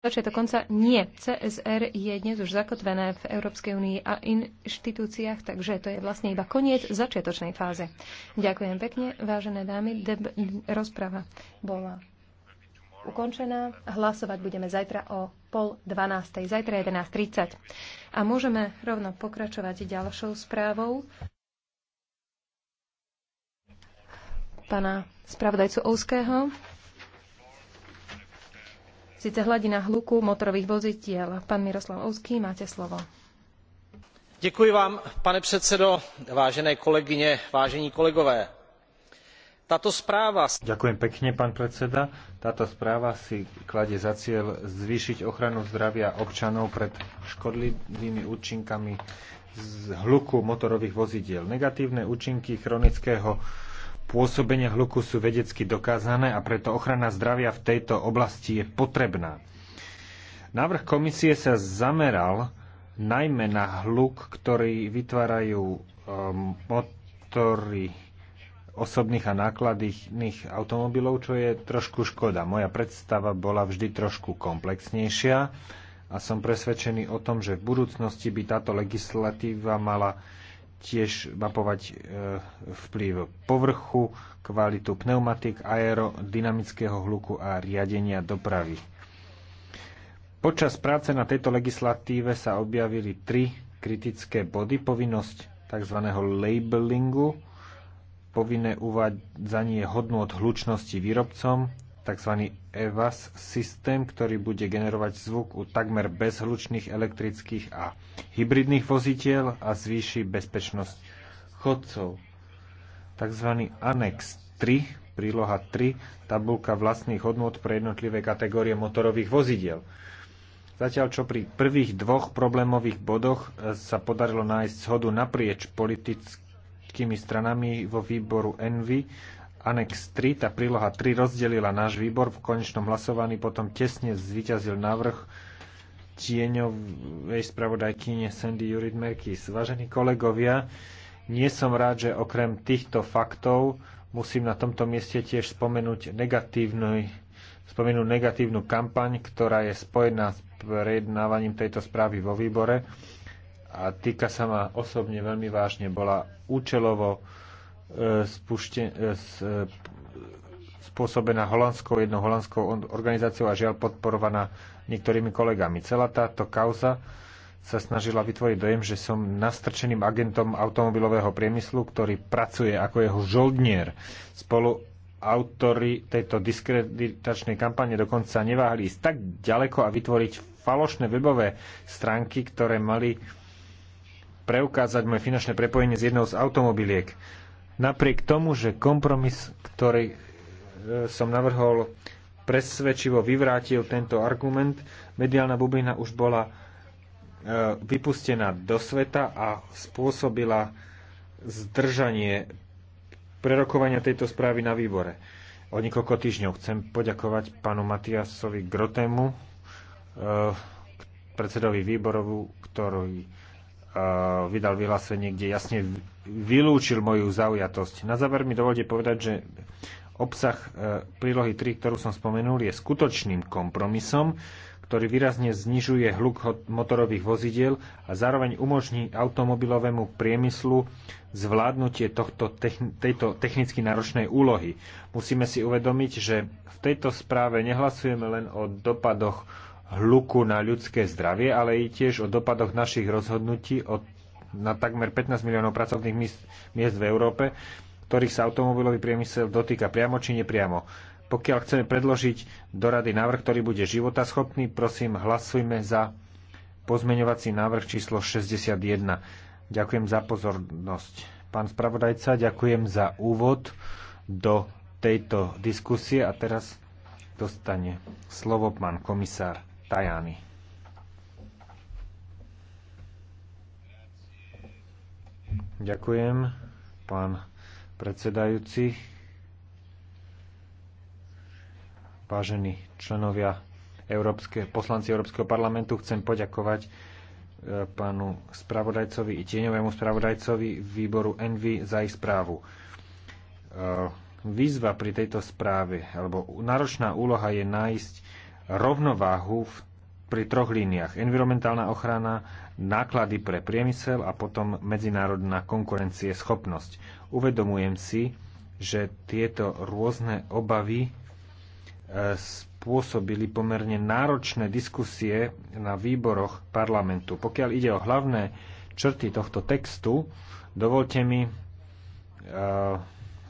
začiatok konca nie. CSR je dnes už zakotvené v Európskej únii a inštitúciách, takže to je vlastne iba koniec začiatočnej fáze. Ďakujem pekne, vážené dámy. Deb- rozprava bola ukončená. Hlasovať budeme zajtra o pol dvanástej, zajtra 11.30. A môžeme rovno pokračovať ďalšou správou. Pana spravodajcu Ouského síce hladina hluku motorových vozidiel. Pán Miroslav Ouský, máte slovo. Děkuji vám, pane předsedo, vážené kolegyně, vážení kolegové. Tato správa... Ďakujem pekne, pán predseda. Táto správa si kladie za cieľ zvýšiť ochranu zdravia občanov pred škodlivými účinkami z hluku motorových vozidiel. Negatívne účinky chronického pôsobenia hluku sú vedecky dokázané a preto ochrana zdravia v tejto oblasti je potrebná. Návrh komisie sa zameral najmä na hluk, ktorý vytvárajú e, motory osobných a nákladných automobilov, čo je trošku škoda. Moja predstava bola vždy trošku komplexnejšia a som presvedčený o tom, že v budúcnosti by táto legislatíva mala tiež mapovať e, vplyv povrchu, kvalitu pneumatik, aerodynamického hluku a riadenia dopravy. Počas práce na tejto legislatíve sa objavili tri kritické body. Povinnosť tzv. labelingu, povinné uvádzanie od hlučnosti výrobcom, tzv. EVAS systém, ktorý bude generovať zvuk u takmer bezhlučných elektrických a hybridných vozidiel a zvýši bezpečnosť chodcov. Tzv. Annex 3, príloha 3, tabulka vlastných hodnot pre jednotlivé kategórie motorových vozidiel. Zatiaľ, čo pri prvých dvoch problémových bodoch e, sa podarilo nájsť shodu naprieč politickými stranami vo výboru Envy, anex 3, tá príloha 3 rozdelila náš výbor v konečnom hlasovaní, potom tesne zvyťazil návrh tieňovej spravodajkyne Sandy Jurid Merkis. Vážení kolegovia, nie som rád, že okrem týchto faktov musím na tomto mieste tiež spomenúť negatívnu, spomenúť negatívnu kampaň, ktorá je spojená s prejednávaním tejto správy vo výbore a týka sa ma osobne veľmi vážne. Bola účelovo spušte, e, spôsobená holandskou, jednou holandskou organizáciou a žiaľ podporovaná niektorými kolegami. Celá táto kauza sa snažila vytvoriť dojem, že som nastrčeným agentom automobilového priemyslu, ktorý pracuje ako jeho žoldnier. Spolu autory tejto diskreditačnej kampane dokonca neváhli ísť tak ďaleko a vytvoriť falošné webové stránky, ktoré mali preukázať moje finančné prepojenie z jednou z automobiliek. Napriek tomu, že kompromis, ktorý e, som navrhol, presvedčivo vyvrátil tento argument, mediálna bublina už bola e, vypustená do sveta a spôsobila zdržanie prerokovania tejto správy na výbore. O niekoľko týždňov chcem poďakovať pánu Matiasovi Grotému, e, predsedovi výborovu, ktorý vydal vyhlásenie, kde jasne vylúčil moju zaujatosť. Na záver mi dovolte povedať, že obsah e, prílohy 3, ktorú som spomenul, je skutočným kompromisom, ktorý výrazne znižuje hluk motorových vozidiel a zároveň umožní automobilovému priemyslu zvládnutie tohto, tejto technicky náročnej úlohy. Musíme si uvedomiť, že v tejto správe nehlasujeme len o dopadoch hluku na ľudské zdravie, ale i tiež o dopadoch našich rozhodnutí od, na takmer 15 miliónov pracovných miest, miest v Európe, ktorých sa automobilový priemysel dotýka priamo či nepriamo. Pokiaľ chceme predložiť do rady návrh, ktorý bude životaschopný, prosím, hlasujme za pozmeňovací návrh číslo 61. Ďakujem za pozornosť. Pán spravodajca, ďakujem za úvod do tejto diskusie a teraz dostane slovo pán komisár. Tajany. Ďakujem, pán predsedajúci. Vážení členovia Európske, poslanci Európskeho parlamentu, chcem poďakovať e, pánu spravodajcovi i tieňovému spravodajcovi výboru Envy za ich správu. E, výzva pri tejto správe, alebo náročná úloha je nájsť rovnováhu v, pri troch líniách. Environmentálna ochrana, náklady pre priemysel a potom medzinárodná konkurencie schopnosť. Uvedomujem si, že tieto rôzne obavy e, spôsobili pomerne náročné diskusie na výboroch parlamentu. Pokiaľ ide o hlavné črty tohto textu, dovolte mi e,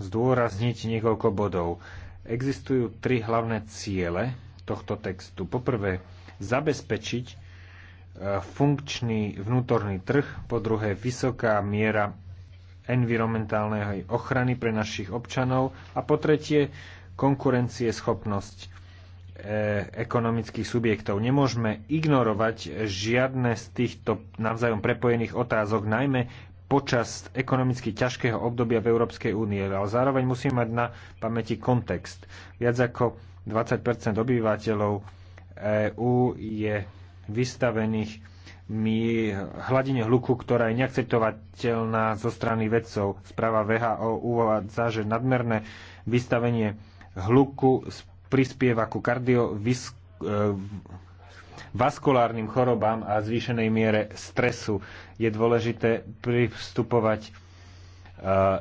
zdôrazniť niekoľko bodov. Existujú tri hlavné ciele tohto textu. Poprvé, zabezpečiť e, funkčný vnútorný trh, po druhé, vysoká miera environmentálnej ochrany pre našich občanov a po tretie, konkurencieschopnosť e, ekonomických subjektov. Nemôžeme ignorovať žiadne z týchto navzájom prepojených otázok, najmä počas ekonomicky ťažkého obdobia v Európskej únie, ale zároveň musíme mať na pamäti kontext. Viac ako 20 obyvateľov EÚ je vystavených mi hladine hluku, ktorá je neakceptovateľná zo strany vedcov. Správa VHO uvádza, že nadmerné vystavenie hluku prispieva ku kardiovaskulárnym e, chorobám a zvýšenej miere stresu. Je dôležité pristupovať e,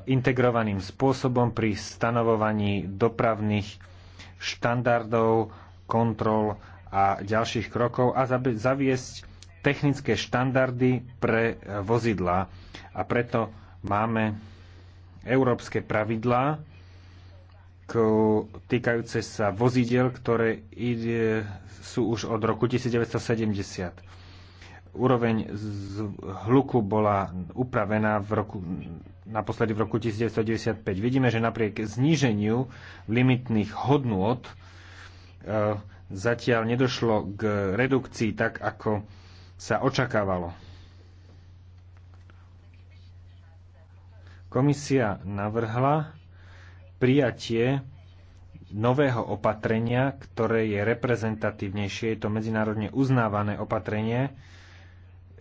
integrovaným spôsobom pri stanovovaní dopravných štandardov, kontrol a ďalších krokov a zaviesť technické štandardy pre vozidlá. A preto máme európske pravidlá týkajúce sa vozidiel, ktoré sú už od roku 1970. Úroveň hluku bola upravená v roku naposledy v roku 1995. Vidíme, že napriek zníženiu limitných hodnôt e, zatiaľ nedošlo k redukcii tak, ako sa očakávalo. Komisia navrhla prijatie nového opatrenia, ktoré je reprezentatívnejšie. Je to medzinárodne uznávané opatrenie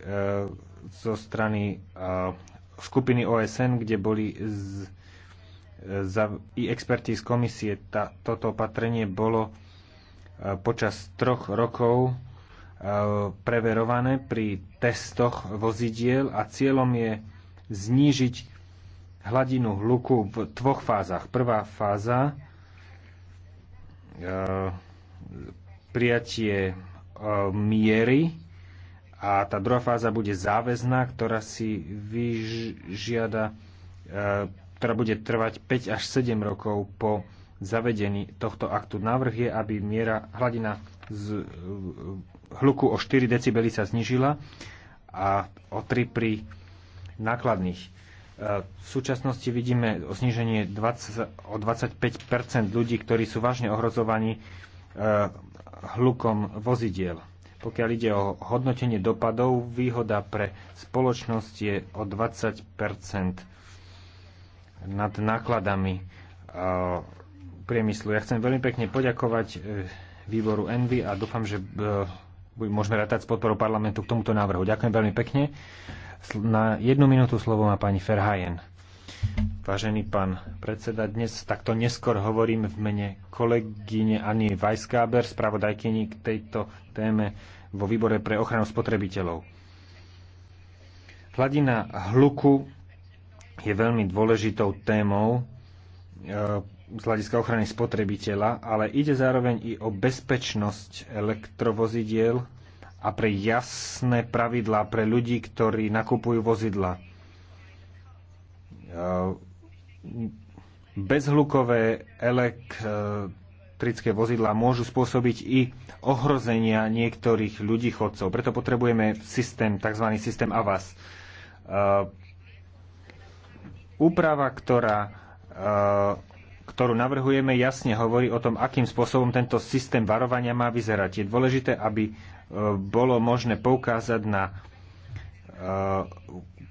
e, zo strany e, skupiny OSN, kde boli z, za, i experti z komisie. Tá, toto opatrenie bolo e, počas troch rokov e, preverované pri testoch vozidiel a cieľom je znížiť hladinu hluku v dvoch fázach. Prvá fáza e, prijatie miery a tá druhá fáza bude záväzná, ktorá si vyžiada, e, ktorá bude trvať 5 až 7 rokov po zavedení tohto aktu. Návrh je, aby miera hladina z e, hluku o 4 decibeli sa znižila a o 3 pri nákladných. E, v súčasnosti vidíme o zniženie 20, o 25 ľudí, ktorí sú vážne ohrozovaní hlukom vozidiel. Pokiaľ ide o hodnotenie dopadov, výhoda pre spoločnosť je o 20 nad nákladami priemyslu. Ja chcem veľmi pekne poďakovať e, výboru Envy a dúfam, že e, môžeme rátať s podporou parlamentu k tomuto návrhu. Ďakujem veľmi pekne. Na jednu minútu slovo má pani Ferhajen. Vážený pán predseda, dnes takto neskôr hovorím v mene kolegyne Ani Weiskáber, spravodajkyni k tejto téme vo výbore pre ochranu spotrebiteľov. Hladina hluku je veľmi dôležitou témou e, z hľadiska ochrany spotrebiteľa, ale ide zároveň i o bezpečnosť elektrovozidiel a pre jasné pravidlá pre ľudí, ktorí nakupujú vozidla Eh, bezhlukové elektrické vozidlá môžu spôsobiť i ohrozenia niektorých ľudí chodcov. Preto potrebujeme systém, tzv. systém AVAS. Eh, úprava, ktorá, eh, ktorú navrhujeme, jasne hovorí o tom, akým spôsobom tento systém varovania má vyzerať. Je dôležité, aby bolo možné poukázať na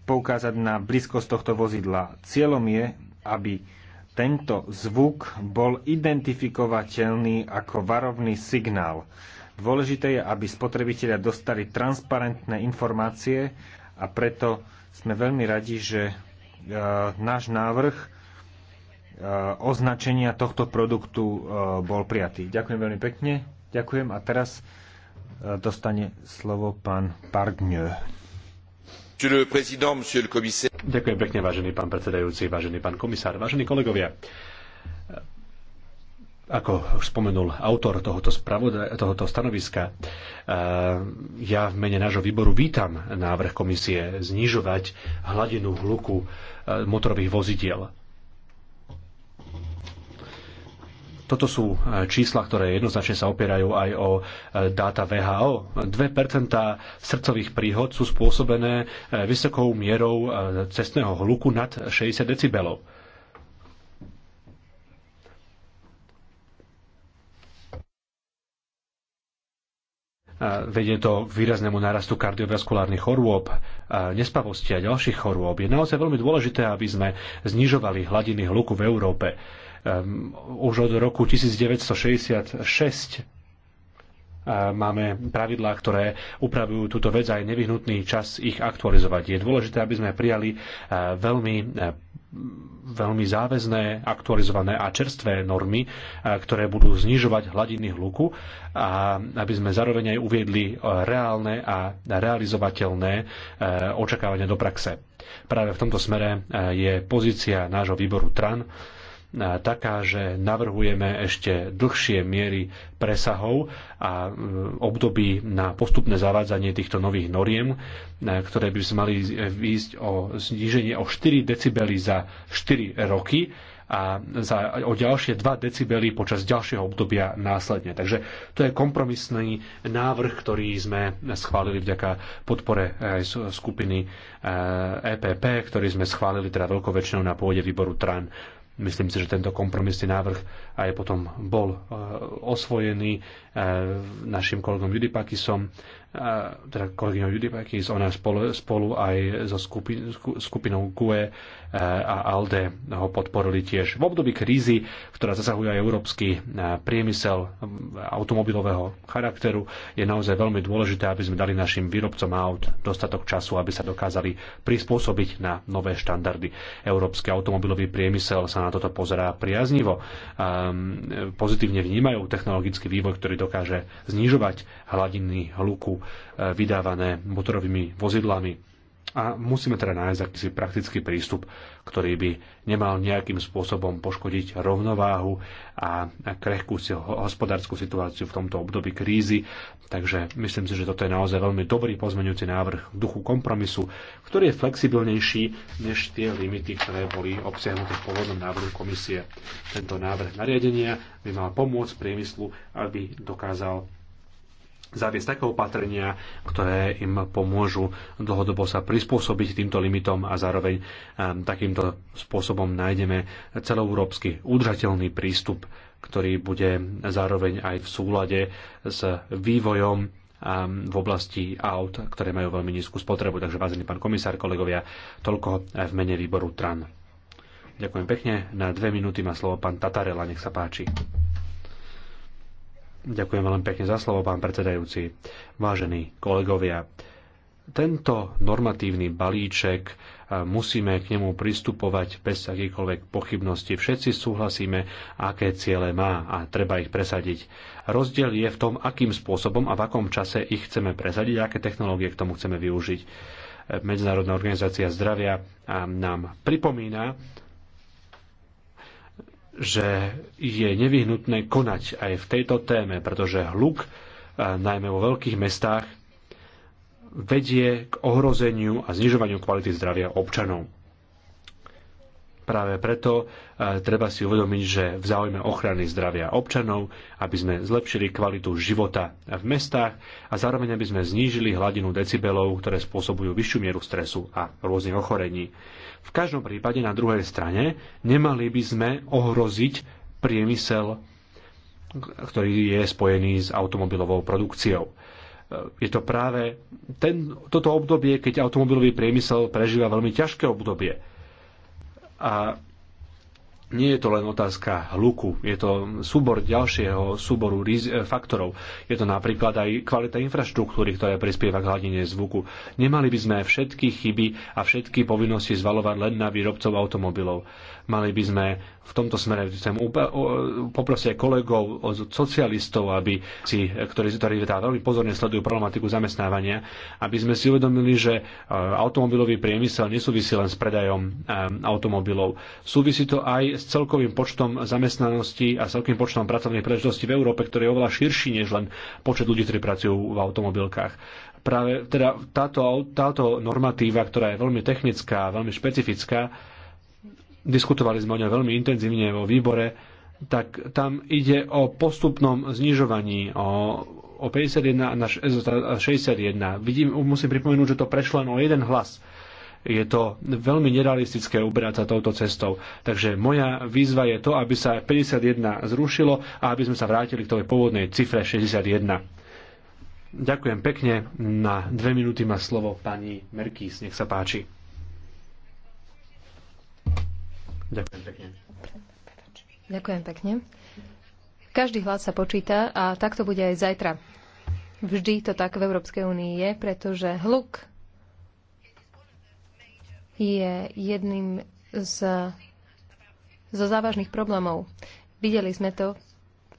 poukázať na blízkosť tohto vozidla. Cieľom je, aby tento zvuk bol identifikovateľný ako varovný signál. Dôležité je, aby spotrebitelia dostali transparentné informácie a preto sme veľmi radi, že e, náš návrh e, označenia tohto produktu e, bol prijatý. Ďakujem veľmi pekne. Ďakujem a teraz e, dostane slovo pán Pargneux. Ďakujem pekne, vážený pán predsedajúci, vážený pán komisár, vážení kolegovia. Ako už spomenul autor tohoto, tohoto stanoviska, eh, ja v mene nášho výboru vítam návrh komisie znižovať hladinu hluku eh, motorových vozidiel Toto sú e, čísla, ktoré jednoznačne sa opierajú aj o e, dáta VHO. 2% srdcových príhod sú spôsobené e, vysokou mierou cestného hluku nad 60 decibelov. vedie to k výraznému nárastu kardiovaskulárnych chorôb, nespavosti a ďalších chorôb. Je naozaj veľmi dôležité, aby sme znižovali hladiny hluku v Európe. Ehm, už od roku 1966 ehm, máme pravidlá, ktoré upravujú túto vec a je nevyhnutný čas ich aktualizovať. Je dôležité, aby sme prijali ehm, veľmi veľmi záväzné, aktualizované a čerstvé normy, ktoré budú znižovať hladiny hluku a aby sme zároveň aj uviedli reálne a realizovateľné očakávania do praxe. Práve v tomto smere je pozícia nášho výboru TRAN taká, že navrhujeme ešte dlhšie miery presahov a e, období na postupné zavádzanie týchto nových noriem, e, ktoré by sme mali výjsť o zníženie o 4 decibely za 4 roky a za, o ďalšie 2 decibely počas ďalšieho obdobia následne. Takže to je kompromisný návrh, ktorý sme schválili vďaka podpore aj e, skupiny EPP, ktorý sme schválili teda veľkou väčšinou na pôde výboru TRAN. Myslím si, že tento kompromisný návrh aj potom bol e, osvojený e, našim kolegom Judipakisom teda kolegyňou Pekis, ona spolu, spolu aj so skupin, skupinou GUE e, a ALDE ho podporili tiež. V období krízy, ktorá zasahuje aj európsky e, priemysel automobilového charakteru, je naozaj veľmi dôležité, aby sme dali našim výrobcom aut dostatok času, aby sa dokázali prispôsobiť na nové štandardy. Európsky automobilový priemysel sa na toto pozerá priaznivo. Pozitívne vnímajú technologický vývoj, ktorý dokáže znižovať hladiny hluku Eh, vydávané motorovými vozidlami. A musíme teda nájsť akýsi praktický prístup, ktorý by nemal nejakým spôsobom poškodiť rovnováhu a krehkú hospodárskú situáciu v tomto období krízy. Takže myslím si, že toto je naozaj veľmi dobrý pozmeňujúci návrh v duchu kompromisu, ktorý je flexibilnejší než tie limity, ktoré boli obsiahnuté v pôvodnom návrhu komisie. Tento návrh nariadenia by mal pomôcť priemyslu, aby dokázal zaviesť také opatrenia, ktoré im pomôžu dlhodobo sa prispôsobiť týmto limitom a zároveň takýmto spôsobom nájdeme celoeurópsky udržateľný prístup, ktorý bude zároveň aj v súlade s vývojom v oblasti aut, ktoré majú veľmi nízku spotrebu. Takže, vážený pán komisár, kolegovia, toľko v mene výboru TRAN. Ďakujem pekne. Na dve minúty má slovo pán Tatarela. Nech sa páči. Ďakujem veľmi pekne za slovo, pán predsedajúci. Vážení kolegovia, tento normatívny balíček e, musíme k nemu pristupovať bez akýkoľvek pochybnosti. Všetci súhlasíme, aké ciele má a treba ich presadiť. Rozdiel je v tom, akým spôsobom a v akom čase ich chceme presadiť a aké technológie k tomu chceme využiť. E, Medzinárodná organizácia zdravia nám pripomína, že je nevyhnutné konať aj v tejto téme, pretože hluk, najmä vo veľkých mestách, vedie k ohrozeniu a znižovaniu kvality zdravia občanov. Práve preto e, treba si uvedomiť, že v záujme ochrany zdravia občanov, aby sme zlepšili kvalitu života v mestách a zároveň aby sme znížili hladinu decibelov, ktoré spôsobujú vyššiu mieru stresu a rôznych ochorení. V každom prípade na druhej strane nemali by sme ohroziť priemysel, ktorý je spojený s automobilovou produkciou e, je to práve ten, toto obdobie, keď automobilový priemysel prežíva veľmi ťažké obdobie. A nie je to len otázka hluku, je to súbor ďalšieho súboru e, faktorov. Je to napríklad aj kvalita infraštruktúry, ktorá prispieva k hladine zvuku. Nemali by sme všetky chyby a všetky povinnosti zvalovať len na výrobcov automobilov. Mali by sme v tomto smere chcem poprosiť kolegov od socialistov, aby si, ktorí, ktorí veľmi pozorne sledujú problematiku zamestnávania, aby sme si uvedomili, že e, automobilový priemysel nesúvisí len s predajom e, automobilov. Súvisí to aj s celkovým počtom zamestnanosti a celkovým počtom pracovných príležitostí v Európe, ktorý je oveľa širší než len počet ľudí, ktorí pracujú v automobilkách práve teda táto, táto normatíva, ktorá je veľmi technická, veľmi špecifická, diskutovali sme o ňom veľmi intenzívne vo výbore, tak tam ide o postupnom znižovaní, o, o 51 na 61. Vidím, musím pripomenúť, že to prešlo len o jeden hlas je to veľmi nerealistické uberať sa touto cestou. Takže moja výzva je to, aby sa 51 zrušilo a aby sme sa vrátili k tej pôvodnej cifre 61. Ďakujem pekne. Na dve minúty má slovo pani Merkís. Nech sa páči. Ďakujem pekne. Ďakujem pekne. Každý hlas sa počíta a tak to bude aj zajtra. Vždy to tak v Európskej únii je, pretože hluk je jedným z, zo závažných problémov. Videli sme to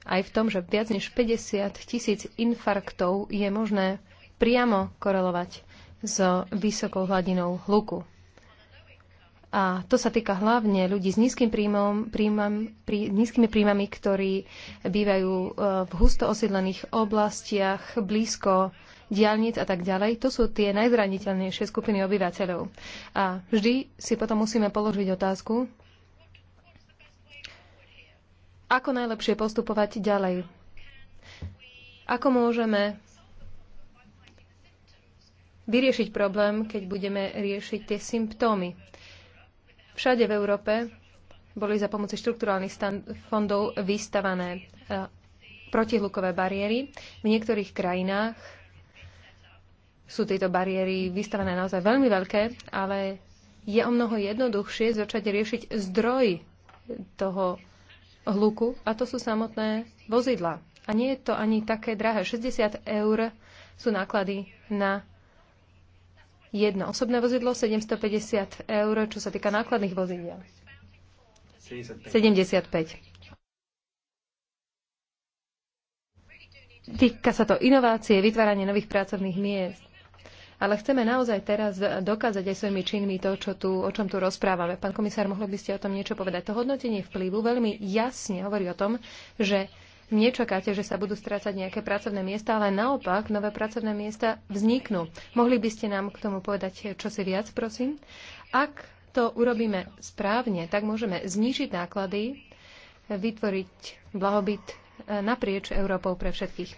aj v tom, že viac než 50 tisíc infarktov je možné priamo korelovať s vysokou hladinou hluku. A to sa týka hlavne ľudí s nízkym príjmom, príjmam, prí, nízkymi príjmami, ktorí bývajú e, v husto osídlených oblastiach, blízko diálnic a tak ďalej. To sú tie najzraniteľnejšie skupiny obyvateľov. A vždy si potom musíme položiť otázku, ako najlepšie postupovať ďalej. Ako môžeme vyriešiť problém, keď budeme riešiť tie symptómy. Všade v Európe boli za pomoci štrukturálnych fondov vystavané e, protihlukové bariéry. V niektorých krajinách sú tieto bariéry vystavené naozaj veľmi veľké, ale je o mnoho jednoduchšie začať riešiť zdroj toho hluku a to sú samotné vozidla. A nie je to ani také drahé. 60 eur sú náklady na jedno osobné vozidlo, 750 eur, čo sa týka nákladných vozidiel. 75. 75. Týka sa to inovácie, vytváranie nových pracovných miest. Ale chceme naozaj teraz dokázať aj svojimi činmi to, čo tu, o čom tu rozprávame. Pán komisár, mohli by ste o tom niečo povedať? To hodnotenie vplyvu veľmi jasne hovorí o tom, že nečakáte, že sa budú strácať nejaké pracovné miesta, ale naopak nové pracovné miesta vzniknú. Mohli by ste nám k tomu povedať čosi viac, prosím? Ak to urobíme správne, tak môžeme znížiť náklady, vytvoriť blahobyt e, naprieč Európou pre všetkých.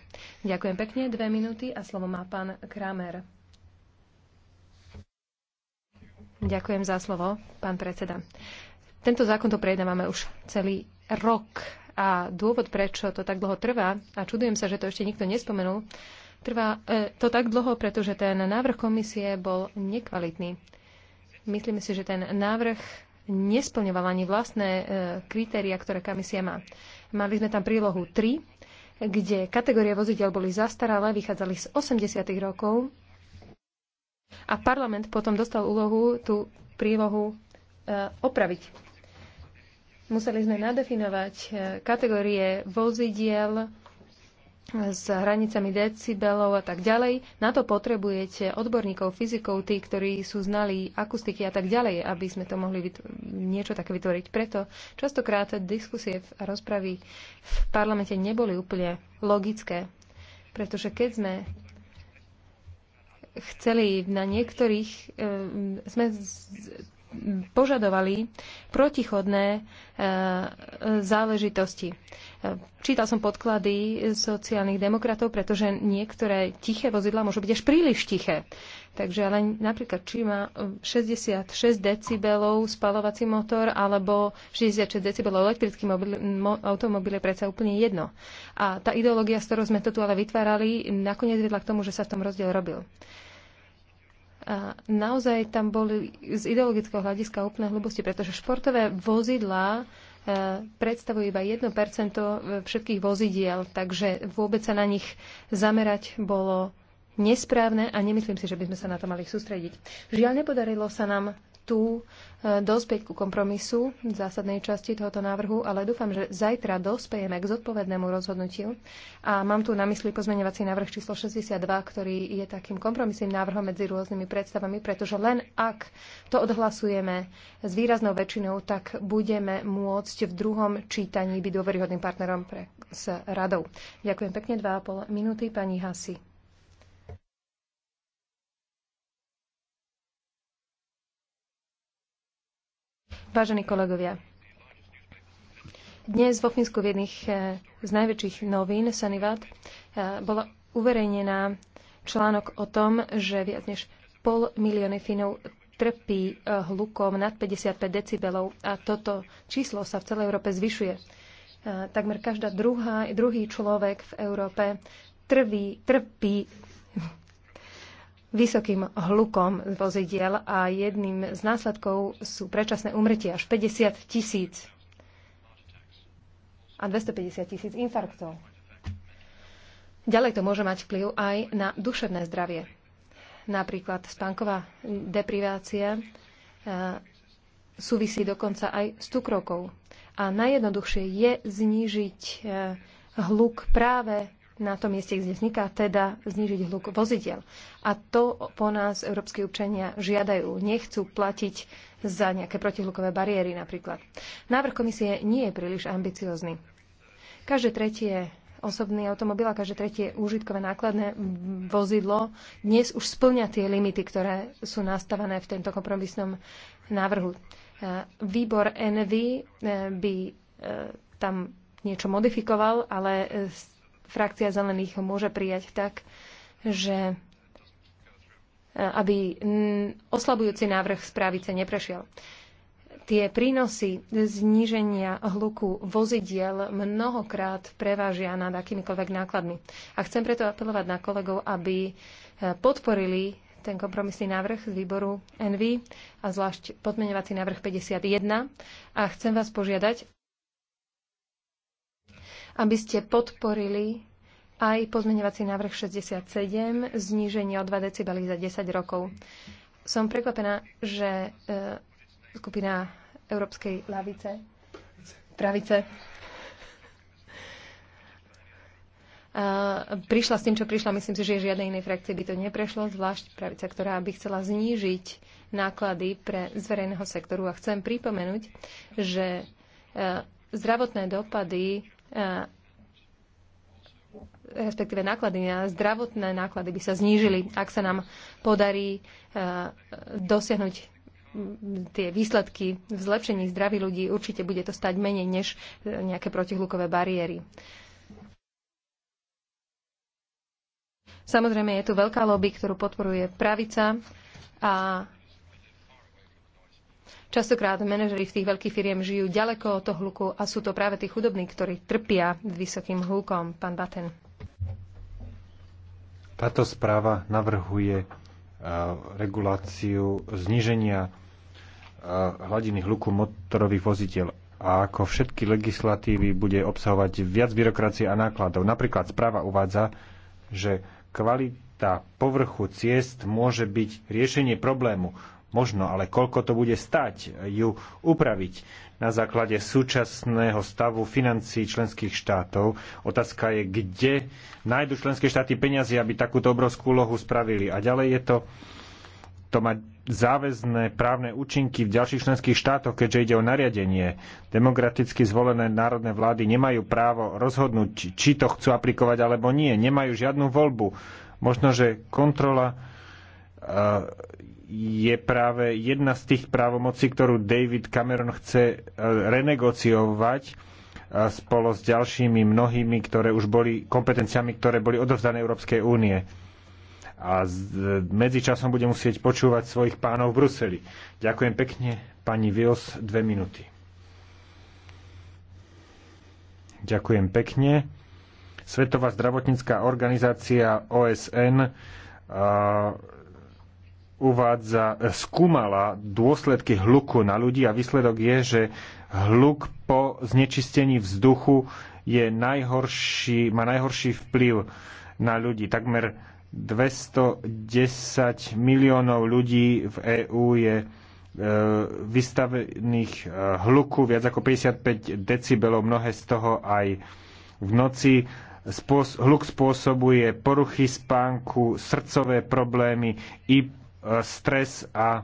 Ďakujem pekne, dve minúty a slovo má pán Kramer. Ďakujem za slovo, pán predseda. Tento zákon to prejednávame už celý rok a dôvod, prečo to tak dlho trvá, a čudujem sa, že to ešte nikto nespomenul, trvá e, to tak dlho, pretože ten návrh komisie bol nekvalitný. Myslíme si, že ten návrh nesplňoval ani vlastné e, kritéria, ktoré komisia má. Mali sme tam prílohu 3, kde kategórie vozidel boli zastaralé, vychádzali z 80. rokov a parlament potom dostal úlohu tú prílohu e, opraviť. Museli sme nadefinovať e, kategórie vozidiel s hranicami decibelov a tak ďalej. Na to potrebujete odborníkov, fyzikov, tí, ktorí sú znali akustiky a tak ďalej, aby sme to mohli niečo také vytvoriť. Preto častokrát diskusie a rozpravy v parlamente neboli úplne logické, pretože keď sme chceli na niektorých, e, sme požadovali protichodné e, záležitosti. E, čítal som podklady sociálnych demokratov, pretože niektoré tiché vozidla môžu byť až príliš tiché. Takže ale napríklad, či má 66 decibelov spalovací motor alebo 66 decibelov elektrický mobil, mo, automobil je predsa úplne jedno. A tá ideológia, s ktorou sme to tu ale vytvárali, nakoniec vedla k tomu, že sa v tom rozdiel robil. A naozaj tam boli z ideologického hľadiska úplné hlubosti, pretože športové vozidlá e, predstavujú iba 1% e, všetkých vozidiel, takže vôbec sa na nich zamerať bolo nesprávne a nemyslím si, že by sme sa na to mali sústrediť. Žiaľ, nepodarilo sa nám tu e, dospieť ku kompromisu v zásadnej časti tohoto návrhu, ale dúfam, že zajtra dospejeme k zodpovednému rozhodnutiu. A mám tu na mysli pozmeňovací návrh číslo 62, ktorý je takým kompromisným návrhom medzi rôznymi predstavami, pretože len ak to odhlasujeme s výraznou väčšinou, tak budeme môcť v druhom čítaní byť dôveryhodným partnerom pre, s radou. Ďakujem pekne, 2,5 minúty, pani Hasi. Vážení kolegovia, dnes vo Fínsku v jedných eh, z najväčších novín, Sanivat, eh, bola uverejnená článok o tom, že viac než pol milióny Finov trpí eh, hlukom nad 55 decibelov a toto číslo sa v celej Európe zvyšuje. Takmer každá druhá, druhý človek v Európe trví, trpí vysokým hlukom vozidiel a jedným z následkov sú predčasné umrtia až 50 tisíc a 250 tisíc infarktov. Ďalej to môže mať vplyv aj na duševné zdravie. Napríklad spánková deprivácia e, súvisí dokonca aj s cukrovkou. A najjednoduchšie je znížiť e, hluk práve na tom mieste, kde vzniká, teda znižiť hluk vozidel. A to po nás európsky občania žiadajú. Nechcú platiť za nejaké protihlukové bariéry napríklad. Návrh komisie nie je príliš ambiciózny. Každé tretie osobný automobil a každé tretie úžitkové nákladné vozidlo dnes už splňa tie limity, ktoré sú nastavené v tento kompromisnom návrhu. E, výbor NV e, by e, tam niečo modifikoval, ale frakcia zelených môže prijať tak, že e, aby oslabujúci návrh správice neprešiel. Tie prínosy zníženia hluku vozidiel mnohokrát prevážia nad akýmikoľvek nákladmi. A chcem preto apelovať na kolegov, aby e, podporili ten kompromisný návrh z výboru NV a zvlášť podmenovací návrh 51. A chcem vás požiadať, aby ste podporili aj pozmeňovací návrh 67, zníženie o 2 decibely za 10 rokov. Som prekvapená, že e, skupina Európskej lavice, pravice, e, prišla s tým, čo prišla. Myslím si, že žiadnej inej frakcie by to neprešlo, zvlášť pravica, ktorá by chcela znížiť náklady pre z verejného sektoru. A chcem pripomenúť, že e, zdravotné dopady E, respektíve náklady na zdravotné náklady by sa znížili, ak sa nám podarí e, dosiahnuť tie výsledky v zlepšení zdraví ľudí. Určite bude to stať menej než e, nejaké protihlukové bariéry. Samozrejme je tu veľká lobby, ktorú podporuje pravica a Častokrát manažeri v tých veľkých firiem žijú ďaleko od toho hluku a sú to práve tí chudobní, ktorí trpia vysokým hlukom. Pán Baten. Táto správa navrhuje e, reguláciu zníženia e, hladiny hluku motorových vozidiel a ako všetky legislatívy bude obsahovať viac byrokracie a nákladov. Napríklad správa uvádza, že kvalita povrchu ciest môže byť riešenie problému možno, ale koľko to bude stať ju upraviť na základe súčasného stavu financií členských štátov. Otázka je, kde nájdu členské štáty peniaze, aby takúto obrovskú úlohu spravili. A ďalej je to, to má záväzné právne účinky v ďalších členských štátoch, keďže ide o nariadenie. Demokraticky zvolené národné vlády nemajú právo rozhodnúť, či to chcú aplikovať alebo nie. Nemajú žiadnu voľbu. Možno, že kontrola eh, je práve jedna z tých právomocí, ktorú David Cameron chce e, renegociovať e, spolo s ďalšími mnohými, ktoré už boli kompetenciami, ktoré boli odovzdané Európskej únie. A e, medzičasom bude musieť počúvať svojich pánov v Bruseli. Ďakujem pekne, pani Vils, dve minúty. Ďakujem pekne. Svetová zdravotnícká organizácia OSN uh, uvádza, e, skúmala dôsledky hluku na ľudí a výsledok je, že hluk po znečistení vzduchu je najhorší, má najhorší vplyv na ľudí. Takmer 210 miliónov ľudí v EÚ je e, vystavených e, hluku viac ako 55 decibelov, mnohé z toho aj v noci. Spôs- hluk spôsobuje poruchy spánku, srdcové problémy, i E, stres a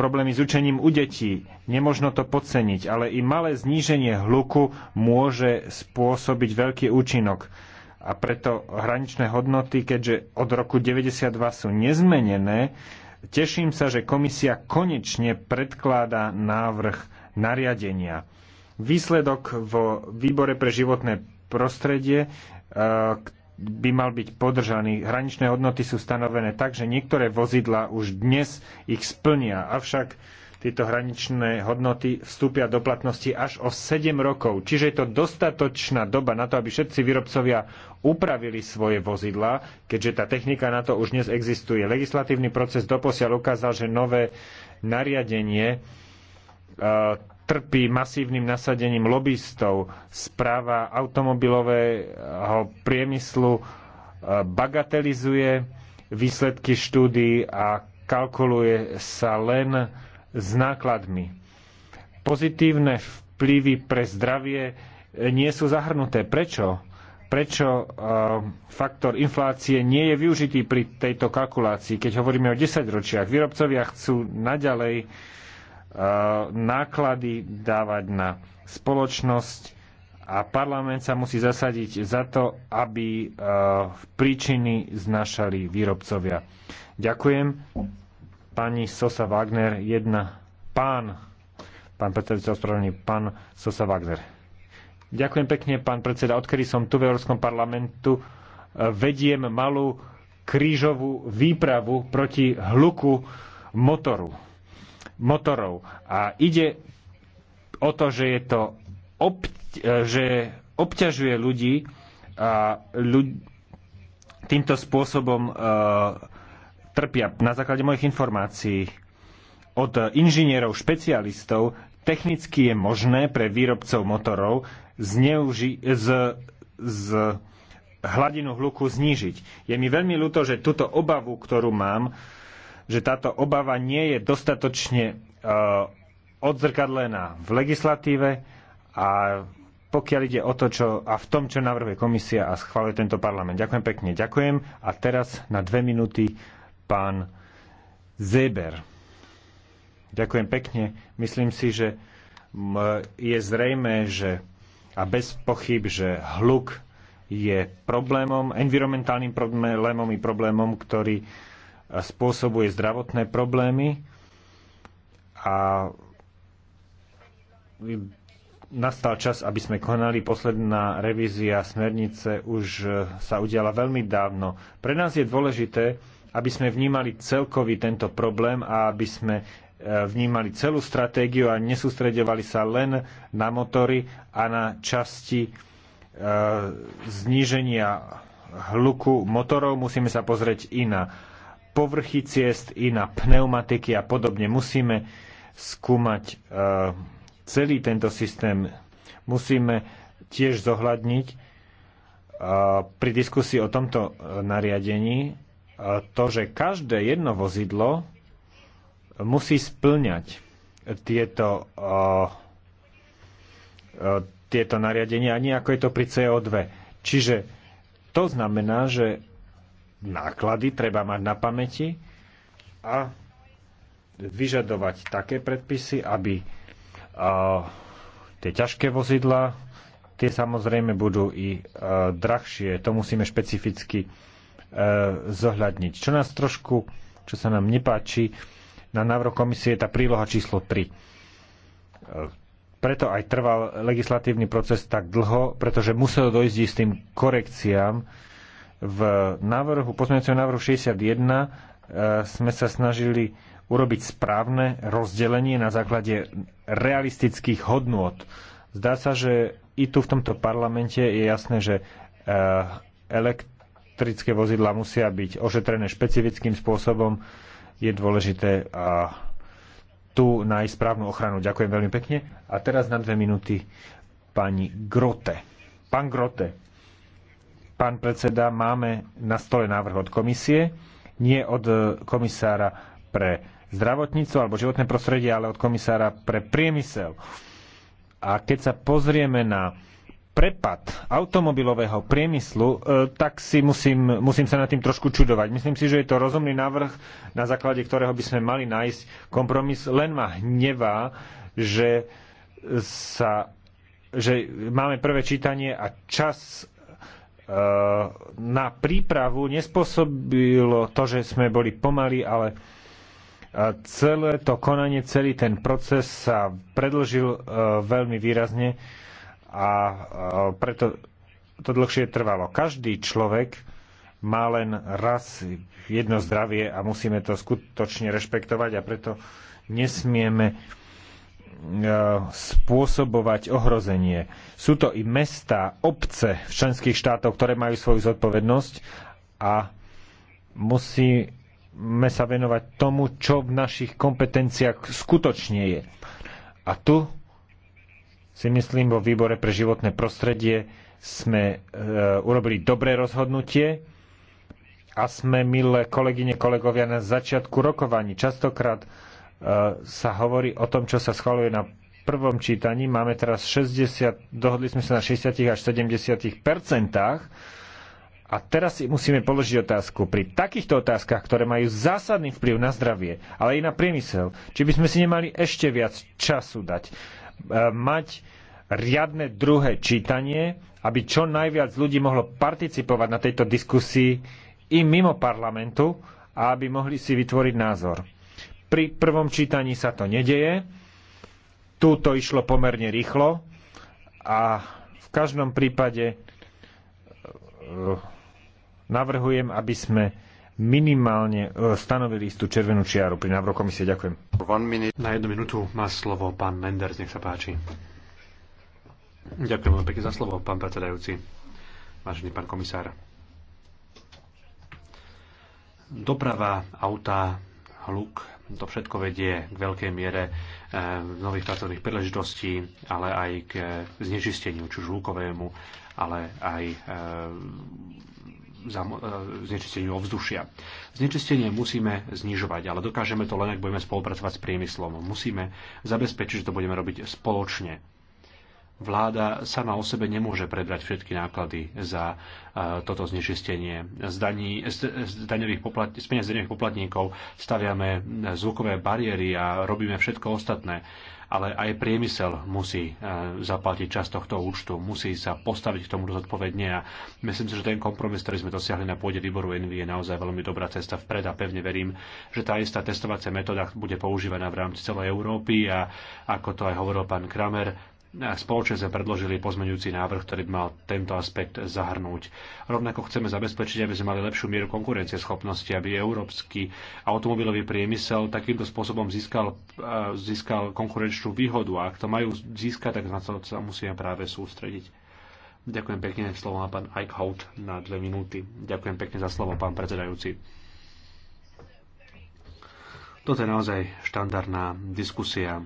problémy s učením u detí. Nemožno to podceniť, ale i malé zníženie hluku môže spôsobiť veľký účinok. A preto hraničné hodnoty, keďže od roku 92 sú nezmenené, teším sa, že komisia konečne predkladá návrh nariadenia. Výsledok vo výbore pre životné prostredie, e, by mal byť podržaný. Hraničné hodnoty sú stanovené tak, že niektoré vozidla už dnes ich splnia, avšak tieto hraničné hodnoty vstúpia do platnosti až o 7 rokov. Čiže je to dostatočná doba na to, aby všetci výrobcovia upravili svoje vozidla, keďže tá technika na to už dnes existuje. Legislatívny proces doposiaľ ukázal, že nové nariadenie uh, trpí masívnym nasadením lobbystov. Správa automobilového priemyslu e, bagatelizuje výsledky štúdí a kalkuluje sa len s nákladmi. Pozitívne vplyvy pre zdravie e, nie sú zahrnuté. Prečo? Prečo e, faktor inflácie nie je využitý pri tejto kalkulácii? Keď hovoríme o desaťročiach, výrobcovia chcú naďalej E, náklady dávať na spoločnosť a parlament sa musí zasadiť za to, aby e, príčiny znašali výrobcovia. Ďakujem. Pani Sosa Wagner, jedna. Pán, pán predsedajúci, ospravedlňujem, pán Sosa Wagner. Ďakujem pekne, pán predseda. Odkedy som tu v Európskom parlamentu, e, vediem malú krížovú výpravu proti hluku motoru motorov. A ide o to, že je to obť- že obťažuje ľudí a ľudí týmto spôsobom uh, trpia. Na základe mojich informácií od inžinierov, špecialistov, technicky je možné pre výrobcov motorov zneuži- z, z hladinu hluku znížiť. Je mi veľmi ľúto, že túto obavu, ktorú mám, že táto obava nie je dostatočne e, odzrkadlená v legislatíve a pokiaľ ide o to, čo a v tom, čo navrhuje komisia a schváluje tento parlament. Ďakujem pekne, ďakujem. A teraz na dve minúty pán Zeber. Ďakujem pekne. Myslím si, že je zrejme, že a bez pochyb, že hluk je problémom, environmentálnym problémom i problémom, ktorý spôsobuje zdravotné problémy a nastal čas, aby sme konali. Posledná revízia smernice už sa udiala veľmi dávno. Pre nás je dôležité, aby sme vnímali celkový tento problém a aby sme e, vnímali celú stratégiu a nesústredovali sa len na motory a na časti e, zníženia hluku motorov. Musíme sa pozrieť i na povrchy ciest, i na pneumatiky a podobne. Musíme skúmať e, celý tento systém. Musíme tiež zohľadniť e, pri diskusii o tomto e, nariadení to, že každé jedno vozidlo musí splňať tieto, tieto nariadenia, ani ako je to pri CO2. Čiže to znamená, že náklady treba mať na pamäti a vyžadovať také predpisy, aby a, tie ťažké vozidla, tie samozrejme budú i a, drahšie. To musíme špecificky a, e, zohľadniť. Čo nás trošku, čo sa nám nepáči, na návrh komisie je tá príloha číslo 3. E, preto aj trval legislatívny proces tak dlho, pretože muselo dojsť s tým korekciám, v návrhu, pozmeňujúceho návrhu 61 e, sme sa snažili urobiť správne rozdelenie na základe realistických hodnôt. Zdá sa, že i tu v tomto parlamente je jasné, že e, elektrické vozidla musia byť ošetrené špecifickým spôsobom. Je dôležité tu nájsť správnu ochranu. Ďakujem veľmi pekne. A teraz na dve minúty pani Grote. Pán Grote pán predseda, máme na stole návrh od komisie, nie od e, komisára pre zdravotníctvo alebo životné prostredie, ale od komisára pre priemysel. A keď sa pozrieme na prepad automobilového priemyslu, e, tak si musím, musím sa nad tým trošku čudovať. Myslím si, že je to rozumný návrh, na základe ktorého by sme mali nájsť kompromis. Len ma hnevá, že, sa, že máme prvé čítanie a čas na prípravu nespôsobilo to, že sme boli pomalí, ale e, celé to konanie, celý ten proces sa predlžil e, veľmi výrazne a e, preto to dlhšie trvalo. Každý človek má len raz jedno zdravie a musíme to skutočne rešpektovať a preto nesmieme E, spôsobovať ohrozenie. Sú to i mesta, obce v členských štátoch, ktoré majú svoju zodpovednosť a musíme sa venovať tomu, čo v našich kompetenciách skutočne je. A tu si myslím, vo výbore pre životné prostredie sme e, urobili dobré rozhodnutie a sme, milé kolegyne, kolegovia, na začiatku rokovaní. Častokrát Eh, sa hovorí o tom, čo sa schvaluje na prvom čítaní. Máme teraz 60, dohodli sme sa na 60 až 70 percentách. A teraz si musíme položiť otázku pri takýchto otázkach, ktoré majú zásadný vplyv na zdravie, ale i na priemysel, či by sme si nemali ešte viac času dať. Eh, mať riadne druhé čítanie, aby čo najviac ľudí mohlo participovať na tejto diskusii i mimo parlamentu a aby mohli si vytvoriť názor. Pri prvom čítaní sa to nedeje. Túto išlo pomerne rýchlo a v každom prípade e, navrhujem, aby sme minimálne e, stanovili istú červenú čiaru pri návrhu komisie. Ďakujem. Na jednu minútu má slovo pán Menders, nech sa páči. Ďakujem veľmi pekne za slovo, pán predsedajúci. Vážený pán komisár. Doprava, auta, hluk, to všetko vedie k veľkej miere eh, nových pracovných príležitostí, ale aj k eh, znečisteniu, či už ale aj eh, znečisteniu ovzdušia. Znečistenie musíme znižovať, ale dokážeme to len, ak budeme spolupracovať s priemyslom. Musíme zabezpečiť, že to budeme robiť spoločne vláda sama o sebe nemôže prebrať všetky náklady za e, toto znečistenie. Z, daní, z, z, daňových poplatní, z peniaz daňových poplatníkov staviame e, zvukové bariéry a robíme všetko ostatné. Ale aj priemysel musí e, zaplatiť časť tohto účtu, musí sa postaviť k tomu zodpovedne a myslím si, že ten kompromis, ktorý sme dosiahli na pôde výboru NV je naozaj veľmi dobrá cesta vpred a pevne verím, že tá istá testovacia metóda bude používaná v rámci celej Európy a ako to aj hovoril pán Kramer, sme predložili pozmeňujúci návrh, ktorý by mal tento aspekt zahrnúť. Rovnako chceme zabezpečiť, aby sme mali lepšiu mieru konkurencieschopnosti, aby európsky automobilový priemysel takýmto spôsobom získal, e, získal konkurenčnú výhodu. A ak to majú získať, tak na to sa musíme práve sústrediť. Ďakujem pekne, slovo má pán Eichhout na dve minúty. Ďakujem pekne za slovo, pán predsedajúci. Toto je naozaj štandardná diskusia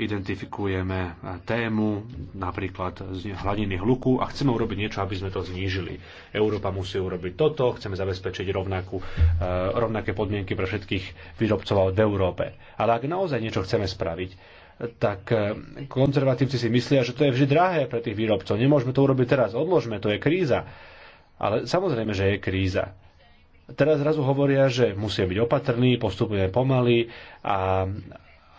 identifikujeme tému, napríklad z hladiny hluku a chceme urobiť niečo, aby sme to znížili. Európa musí urobiť toto, chceme zabezpečiť rovnakú, eh, rovnaké podmienky pre všetkých výrobcov v Európe. Ale ak naozaj niečo chceme spraviť, tak eh, konzervatívci si myslia, že to je vždy drahé pre tých výrobcov. Nemôžeme to urobiť teraz, odložme, to je kríza. Ale samozrejme, že je kríza. Teraz zrazu hovoria, že musíme byť opatrní, postupujeme pomaly a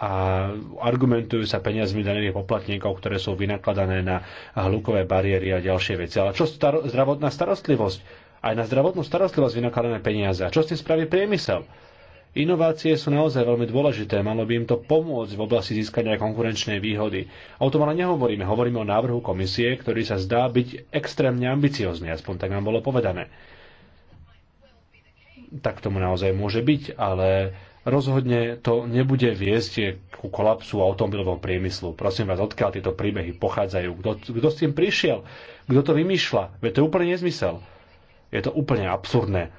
a argumentujú sa peniazmi daných poplatníkov, ktoré sú vynakladané na hlukové bariéry a ďalšie veci. Ale čo star- zdravotná starostlivosť? Aj na zdravotnú starostlivosť vynakladané peniaze. A čo s tým spraví priemysel? Inovácie sú naozaj veľmi dôležité, malo by im to pomôcť v oblasti získania konkurenčnej výhody. O tom ale nehovoríme, hovoríme o návrhu komisie, ktorý sa zdá byť extrémne ambiciozný, aspoň tak nám bolo povedané. Tak tomu naozaj môže byť, ale rozhodne to nebude viesť ku kolapsu automobilového priemyslu. Prosím vás, odkiaľ tieto príbehy pochádzajú? Kto, kto s tým prišiel? Kto to vymýšľa? Veď to je úplne nezmysel. Je to úplne absurdné.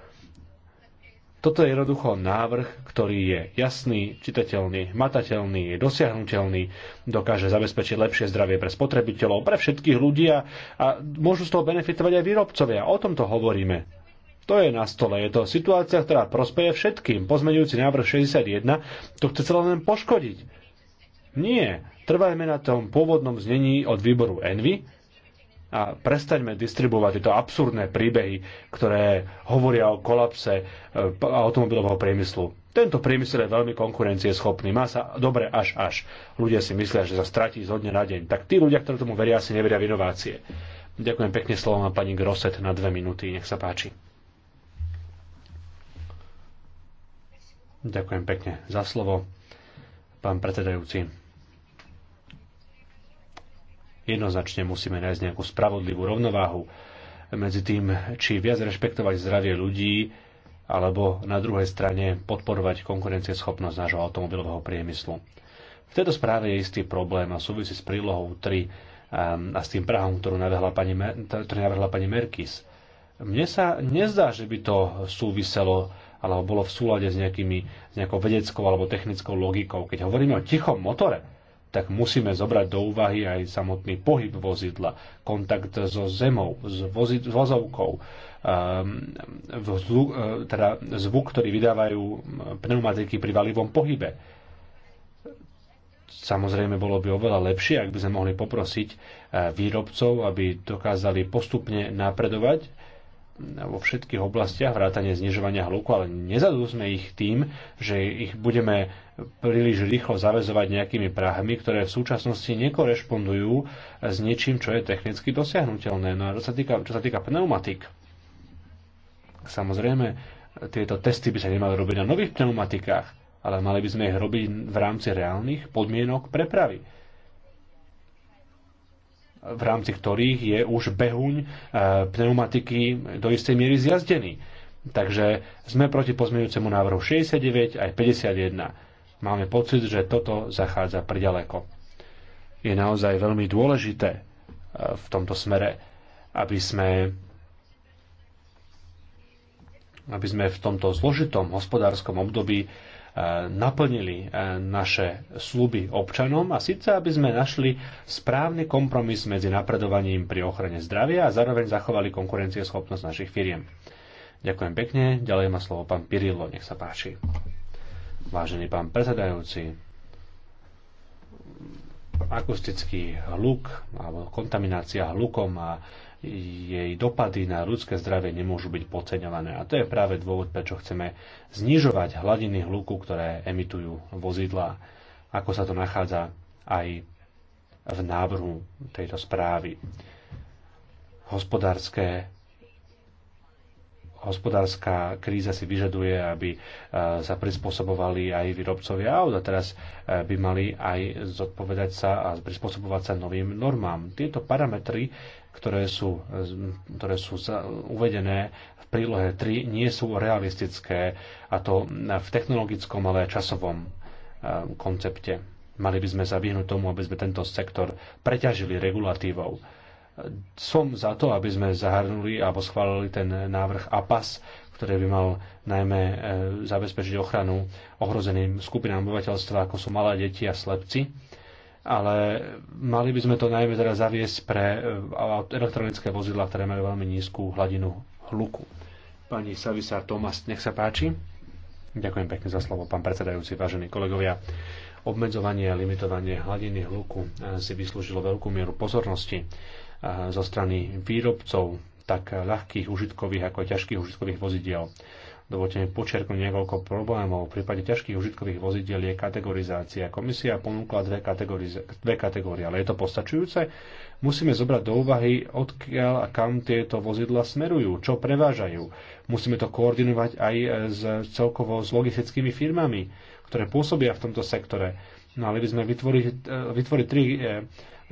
Toto je jednoducho návrh, ktorý je jasný, čitateľný, matateľný, je dosiahnutelný, dokáže zabezpečiť lepšie zdravie pre spotrebiteľov, pre všetkých ľudí a, a môžu z toho benefitovať aj výrobcovia. O tomto hovoríme. To je na stole. Je to situácia, ktorá prospeje všetkým. Pozmeňujúci návrh 61 to chce celé len poškodiť. Nie. Trvajme na tom pôvodnom znení od výboru Envy a prestaňme distribuovať tieto absurdné príbehy, ktoré hovoria o kolapse e, automobilového priemyslu. Tento priemysel je veľmi konkurencieschopný, má sa dobre až až. Ľudia si myslia, že sa stratí zo dňa na deň. Tak tí ľudia, ktorí tomu veria, si neveria v inovácie. Ďakujem pekne slovom na pani Groset na dve minúty. Nech sa páči. Ďakujem pekne za slovo, pán predsedajúci. Jednoznačne musíme nájsť nejakú spravodlivú rovnováhu medzi tým, či viac rešpektovať zdravie ľudí, alebo na druhej strane podporovať konkurencieschopnosť nášho automobilového priemyslu. V tejto správe je istý problém a súvisí s prílohou 3 ehm, a s tým prahom, ktorú navrhla pani, ktorý navrhla pani Merkis. Mne sa nezdá, že by to súviselo alebo bolo v súlade s, nejakými, s nejakou vedeckou alebo technickou logikou. Keď hovoríme o tichom motore, tak musíme zobrať do úvahy aj samotný pohyb vozidla, kontakt so zemou, s, s vozovkou, um, ehm, zvuk, e, teda zvuk, ktorý vydávajú pneumatiky pri valivom pohybe. Samozrejme, bolo by oveľa lepšie, ak by sme mohli poprosiť e, výrobcov, aby dokázali postupne napredovať vo všetkých oblastiach vrátane znižovania hluku, ale nezadúsme ich tým, že ich budeme príliš rýchlo zavezovať nejakými prahmi, ktoré v súčasnosti nekorešpondujú s niečím, čo je technicky dosiahnutelné. No a čo sa týka, čo sa týka pneumatik, samozrejme, tieto testy by sa nemali robiť na nových pneumatikách, ale mali by sme ich robiť v rámci reálnych podmienok prepravy v rámci ktorých je už behuň e, pneumatiky do istej miery zjazdený. Takže sme proti pozmeňujúcemu návrhu 69 aj 51. Máme pocit, že toto zachádza priďaleko. Je naozaj veľmi dôležité e, v tomto smere, aby sme aby sme v tomto zložitom hospodárskom období naplnili eh, naše sluby občanom a síce, aby sme našli správny kompromis medzi napredovaním pri ochrane zdravia a zároveň zachovali konkurencieschopnosť našich firiem. Ďakujem pekne. Ďalej má slovo pán Pirillo. Nech sa páči. Vážený pán predsedajúci, akustický hluk alebo kontaminácia hlukom a jej dopady na ľudské zdravie nemôžu byť podceňované. A to je práve dôvod, prečo chceme znižovať hladiny hluku, ktoré emitujú vozidlá, ako sa to nachádza aj v návrhu tejto správy. Hospodárske hospodárska kríza si vyžaduje, aby e, sa prispôsobovali aj výrobcovia aut a teraz e, by mali aj zodpovedať sa a prispôsobovať sa novým normám. Tieto parametry, ktoré sú, e, ktoré sú uvedené v prílohe 3, nie sú realistické a to v technologickom, ale aj časovom koncepte. Mali by sme sa vyhnúť tomu, aby sme tento sektor preťažili regulatívou som za to, aby sme zahrnuli alebo schválili ten návrh APAS, ktorý by mal najmä e, zabezpečiť ochranu ohrozeným skupinám obyvateľstva, ako sú malé deti a slepci. Ale mali by sme to najmä teda zaviesť pre e, elektronické vozidla, ktoré majú veľmi nízku hladinu hluku. Pani Savisa Tomas, nech sa páči. Ďakujem pekne za slovo, pán predsedajúci, vážení kolegovia. Obmedzovanie a limitovanie hladiny hluku e, si vyslúžilo veľkú mieru pozornosti zo strany výrobcov tak ľahkých užitkových ako aj ťažkých užitkových vozidiel. Dovolte mi počerknúť niekoľko problémov. V prípade ťažkých užitkových vozidiel je kategorizácia. Komisia ponúkla dve, dve kategórie, ale je to postačujúce? Musíme zobrať do úvahy, odkiaľ a kam tieto vozidla smerujú, čo prevážajú. Musíme to koordinovať aj s, celkovo s logistickými firmami, ktoré pôsobia v tomto sektore. No ale by sme vytvoriť, e, vytvoriť tri e,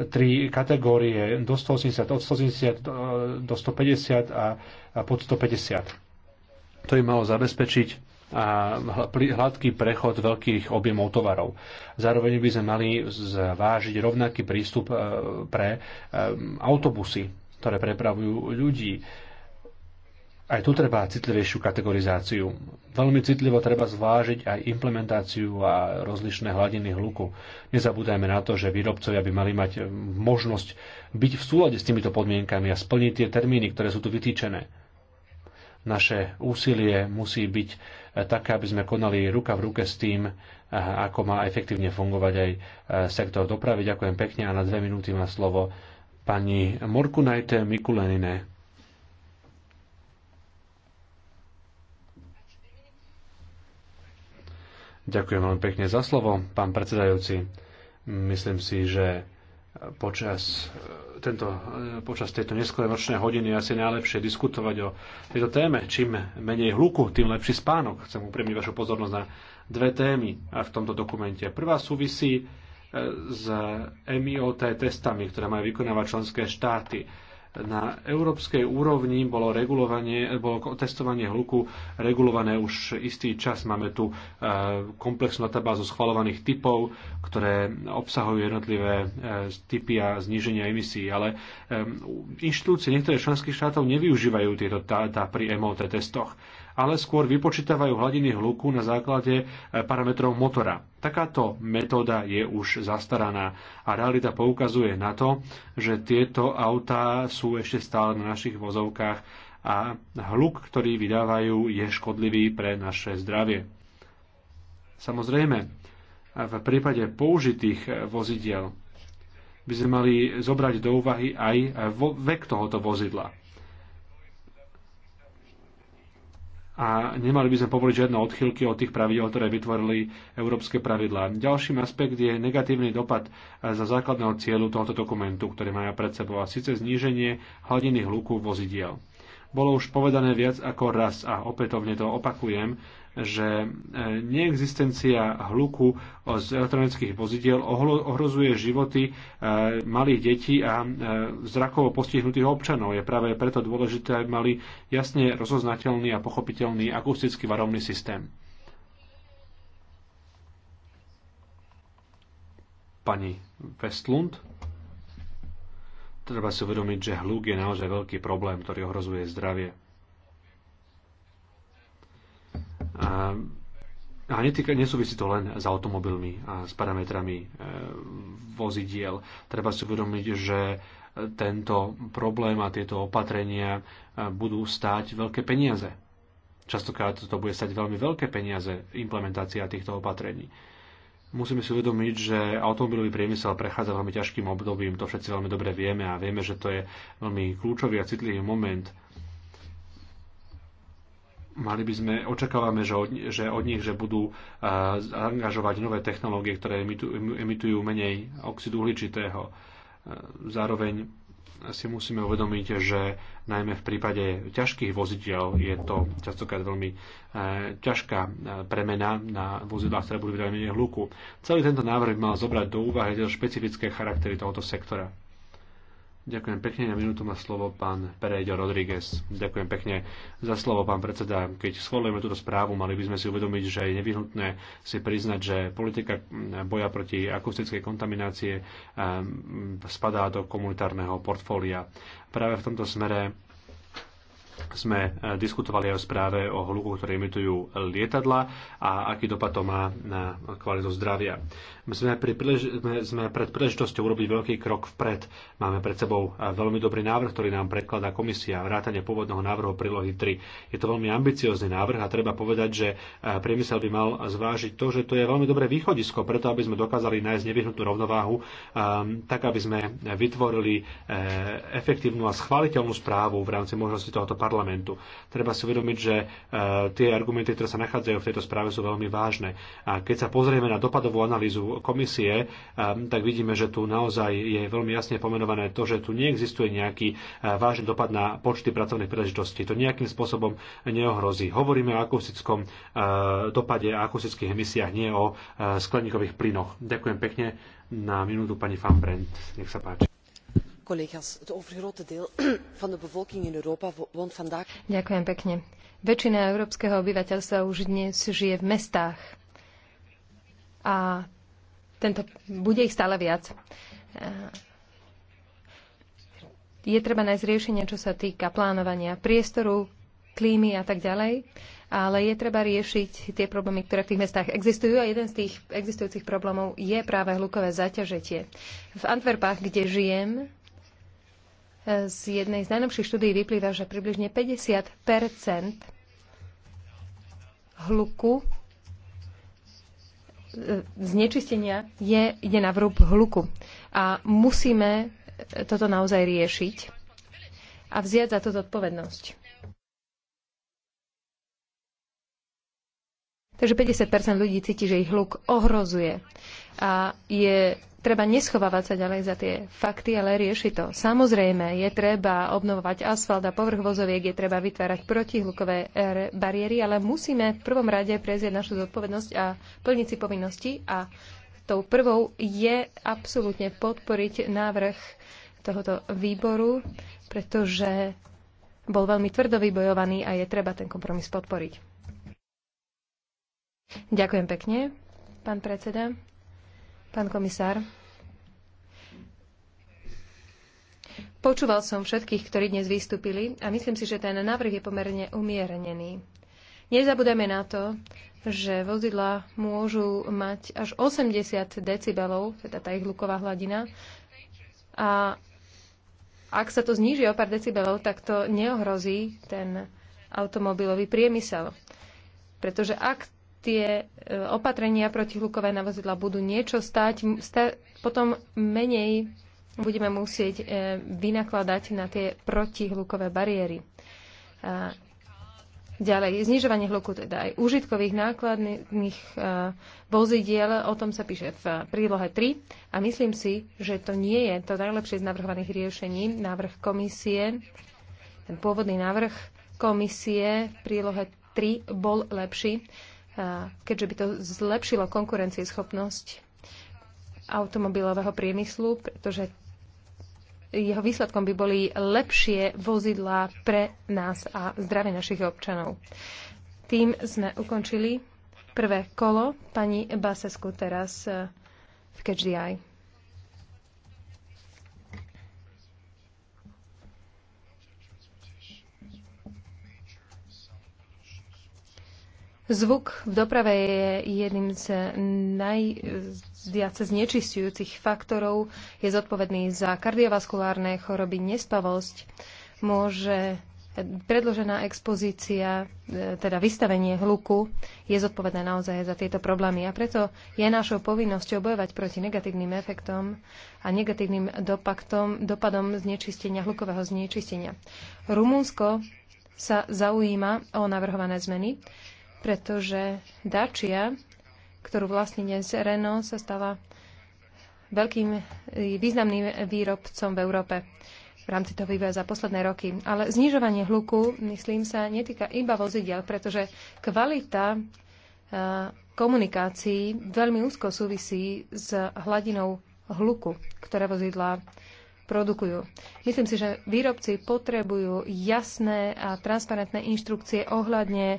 tri kategórie do 180, od 180 e, do 150 a, a pod 150. To im malo zabezpečiť a hladký prechod veľkých objemov tovarov. Zároveň by sme mali zvážiť rovnaký prístup e, pre e, autobusy, ktoré prepravujú ľudí aj tu treba citlivejšiu kategorizáciu. Veľmi citlivo treba zvážiť aj implementáciu a rozlišné hladiny hluku. Nezabúdajme na to, že výrobcovia by mali mať možnosť byť v súlade s týmito podmienkami a splniť tie termíny, ktoré sú tu vytýčené. Naše úsilie musí byť také, aby sme konali ruka v ruke s tým, ako má efektívne fungovať aj sektor dopravy. Ďakujem pekne a na dve minúty má slovo pani Morkunajte Mikulenine. Ďakujem veľmi pekne za slovo, pán predsedajúci. Myslím si, že počas, tento, počas tejto neskorej nočnej hodiny asi najlepšie diskutovať o tejto téme. Čím menej hluku, tým lepší spánok. Chcem upriamiť vašu pozornosť na dve témy v tomto dokumente. Prvá súvisí eh, s MIOT testami, ktoré majú vykonávať členské štáty na európskej úrovni bolo, regulovanie, bolo testovanie hluku regulované už istý čas. Máme tu e, komplexnú databázu schvalovaných typov, ktoré obsahujú jednotlivé e, typy a zníženia emisí, ale e, inštitúcie niektorých členských štátov nevyužívajú tieto dáta pri MOT testoch ale skôr vypočítavajú hladiny hluku na základe e, parametrov motora. Takáto metóda je už zastaraná a realita poukazuje na to, že tieto autá sú ešte stále na našich vozovkách a hluk, ktorý vydávajú, je škodlivý pre naše zdravie. Samozrejme, v prípade použitých e, vozidiel by sme mali zobrať do úvahy aj e, vek tohoto vozidla. a nemali by sme povoliť žiadne odchylky od tých pravidel, ktoré vytvorili európske pravidlá. Ďalším aspekt je negatívny dopad e, za základného cieľu tohoto dokumentu, ktorý máme pred sebou, a síce zníženie hladiny hluku vozidiel. Bolo už povedané viac ako raz a opätovne to opakujem, že e, neexistencia hluku z elektronických vozidiel ohrozuje životy e, malých detí a e, zrakovo postihnutých občanov. Je práve preto dôležité, aby mali jasne rozoznateľný a pochopiteľný akustický varovný systém. Pani Westlund. Treba si uvedomiť, že hľúk je naozaj veľký problém, ktorý ohrozuje zdravie. A, a netýka, nesúvisí to len s automobilmi a s parametrami e, vozidiel. Treba si uvedomiť, že tento problém a tieto opatrenia e, budú stáť veľké peniaze. Častokrát to bude stať veľmi veľké peniaze implementácia týchto opatrení. Musíme si uvedomiť, že automobilový priemysel prechádza veľmi ťažkým obdobím, to všetci veľmi dobre vieme a vieme, že to je veľmi kľúčový a citlivý moment. Mali by sme, očakávame, že od, že od nich, že budú uh, eh, angažovať nové technológie, ktoré emitujú, emitujú menej oxidu uhličitého. Uh, zároveň si musíme uvedomiť, že najmä v prípade ťažkých vozidiel je to častokrát veľmi e, ťažká e, premena na vozidlách, ktoré budú vydávať menej hluku. Celý tento návrh mal zobrať do úvahy špecifické charaktery tohoto sektora. Ďakujem pekne. Na minútu má slovo pán Perejdo Rodríguez. Ďakujem pekne za slovo, pán predseda. Keď schvalujeme túto správu, mali by sme si uvedomiť, že je nevyhnutné si priznať, že politika boja proti akustickej kontaminácie ehm, spadá do komunitárneho portfólia. Práve v tomto smere sme e, diskutovali aj o správe o hluku, ktoré imitujú lietadla a aký dopad to má na kvalitu zdravia. Sme, pri prílež- sme pred príležitosťou urobiť veľký krok vpred. Máme pred sebou e, veľmi dobrý návrh, ktorý nám predkladá komisia vrátane pôvodného návrhu prílohy 3. Je to veľmi ambiciózny návrh a treba povedať, že e, priemysel by mal zvážiť to, že to je veľmi dobré východisko preto, aby sme dokázali nájsť nevyhnutú rovnováhu, ehm, tak aby sme vytvorili efektívnu a schváliteľnú správu v rámci možnosti tohoto parlamentu parlamentu. Treba si uvedomiť, že e, tie argumenty, ktoré sa nachádzajú v tejto správe, sú veľmi vážne. A keď sa pozrieme na dopadovú analýzu komisie, e, tak vidíme, že tu naozaj je veľmi jasne pomenované to, že tu neexistuje nejaký e, vážny dopad na počty pracovných príležitostí. To nejakým spôsobom neohrozí. Hovoríme o akustickom dopade a akustických emisiách, nie o skleníkových plynoch. Ďakujem pekne na minútu pani Van Nech sa páči collega's het overgrote deel van de bevolking in europa woont vandaag. ďakujem pekne väčšina európskeho obyvateľstva už dnes žije v mestách a tento, bude ich stále viac. Je treba nájsť riešenie, čo sa týka plánovania priestoru, klímy a tak ďalej, ale je treba riešiť tie problémy, ktoré v tých mestách existujú a jeden z tých existujúcich problémov je práve hlukové zaťažetie. V Antwerpách, kde žijem, z jednej z najnovších štúdií vyplýva, že približne 50 hluku e, znečistenia je, ide na vrúb hluku. A musíme toto naozaj riešiť a vziať za to zodpovednosť. Takže 50 ľudí cíti, že ich hluk ohrozuje. A je treba neschovávať sa ďalej za tie fakty, ale rieši to. Samozrejme, je treba obnovovať asfalt a povrch vozoviek, je treba vytvárať protihlukové e, bariéry, ale musíme v prvom rade prezieť našu zodpovednosť a plniť si povinnosti. A tou prvou je absolútne podporiť návrh tohoto výboru, pretože bol veľmi tvrdo vybojovaný a je treba ten kompromis podporiť. Ďakujem pekne, pán predseda. Pán komisár, počúval som všetkých, ktorí dnes vystúpili a myslím si, že ten návrh je pomerne umiernený. Nezabudeme na to, že vozidla môžu mať až 80 decibelov, teda tá ich hluková hladina, a ak sa to zníži o pár decibelov, tak to neohrozí ten automobilový priemysel. Pretože ak tie e, opatrenia proti hlukové na vozidla budú niečo stať, sta- potom menej budeme musieť e, vynakladať na tie protihlukové bariéry. A ďalej, znižovanie hluku teda aj užitkových nákladných e, vozidiel, o tom sa píše v prílohe 3 a myslím si, že to nie je to najlepšie z navrhovaných riešení. Návrh komisie, ten pôvodný návrh komisie v prílohe 3 bol lepší keďže by to zlepšilo konkurencieschopnosť automobilového priemyslu, pretože jeho výsledkom by boli lepšie vozidlá pre nás a zdravie našich občanov. Tým sme ukončili prvé kolo. Pani Basesku teraz eh, v Eye. Zvuk v doprave je jedným z najviac znečistujúcich faktorov. Je zodpovedný za kardiovaskulárne choroby, nespavosť. Môže predložená expozícia, e, teda vystavenie hluku, je zodpovedné naozaj za tieto problémy. A preto je našou povinnosťou bojovať proti negatívnym efektom a negatívnym dopaktom, dopadom znečistenia, hlukového znečistenia. Rumunsko sa zaujíma o navrhované zmeny pretože Dačia, ktorú vlastne dnes Renault, sa stala veľkým e, významným výrobcom v Európe v rámci toho vývoja za posledné roky. Ale znižovanie hluku, myslím sa, netýka iba vozidel, pretože kvalita e, komunikácií veľmi úzko súvisí s hladinou hluku, ktoré vozidlá produkujú. Myslím si, že výrobci potrebujú jasné a transparentné inštrukcie ohľadne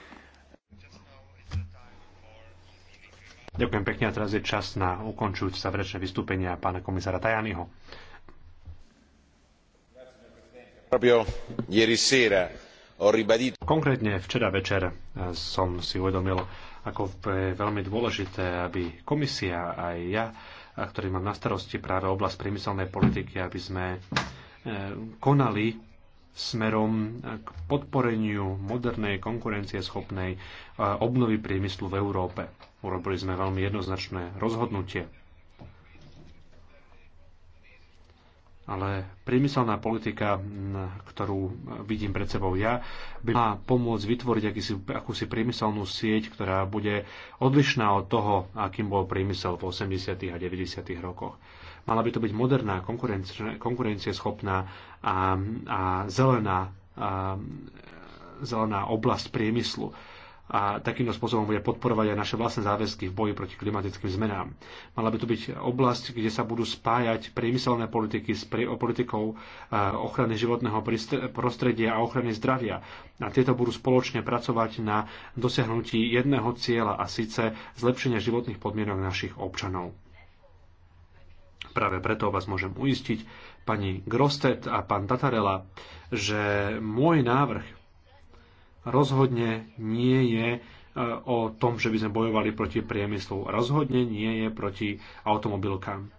Ďakujem pekne a teraz je čas na ukončujúce záverečné vystúpenia pána komisára Tajaniho. Konkrétne včera večer eh, som si uvedomil, ako je veľmi dôležité, aby komisia aj ja, eh, ktorý mám na starosti práve oblasť priemyselnej politiky, aby sme eh, konali smerom k podporeniu modernej, konkurencieschopnej obnovy priemyslu v Európe. Urobili sme veľmi jednoznačné rozhodnutie. Ale priemyselná politika, ktorú vidím pred sebou ja, by mala pomôcť vytvoriť akýsi, akúsi priemyselnú sieť, ktorá bude odlišná od toho, akým bol priemysel v 80. a 90. rokoch Mala by to byť moderná, konkurencieschopná a, a zelená, a, zelená oblasť priemyslu a takýmto spôsobom bude podporovať aj naše vlastné záväzky v boji proti klimatickým zmenám. Mala by to byť oblasť, kde sa budú spájať priemyselné politiky s politikou ochrany životného prostredia a ochrany zdravia. A tieto budú spoločne pracovať na dosiahnutí jedného cieľa a síce zlepšenia životných podmienok našich občanov. Práve preto vás môžem uistiť, pani Grostet a pán Tatarela, že môj návrh rozhodne nie je e, o tom, že by sme bojovali proti priemyslu. Rozhodne nie je proti automobilkám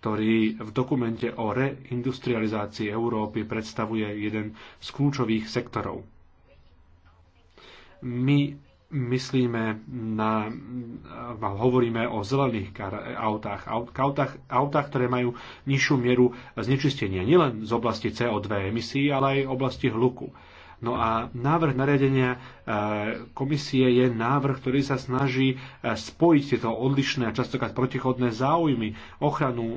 ktorý v dokumente o reindustrializácii Európy predstavuje jeden z kľúčových sektorov. My myslíme na, hovoríme o zelených autách, autách, autách, ktoré majú nižšiu mieru znečistenia nielen z oblasti CO2 emisí, ale aj oblasti hluku. No a návrh nariadenia e, komisie je návrh, ktorý sa snaží e, spojiť tieto odlišné a častokrát protichodné záujmy, ochranu e,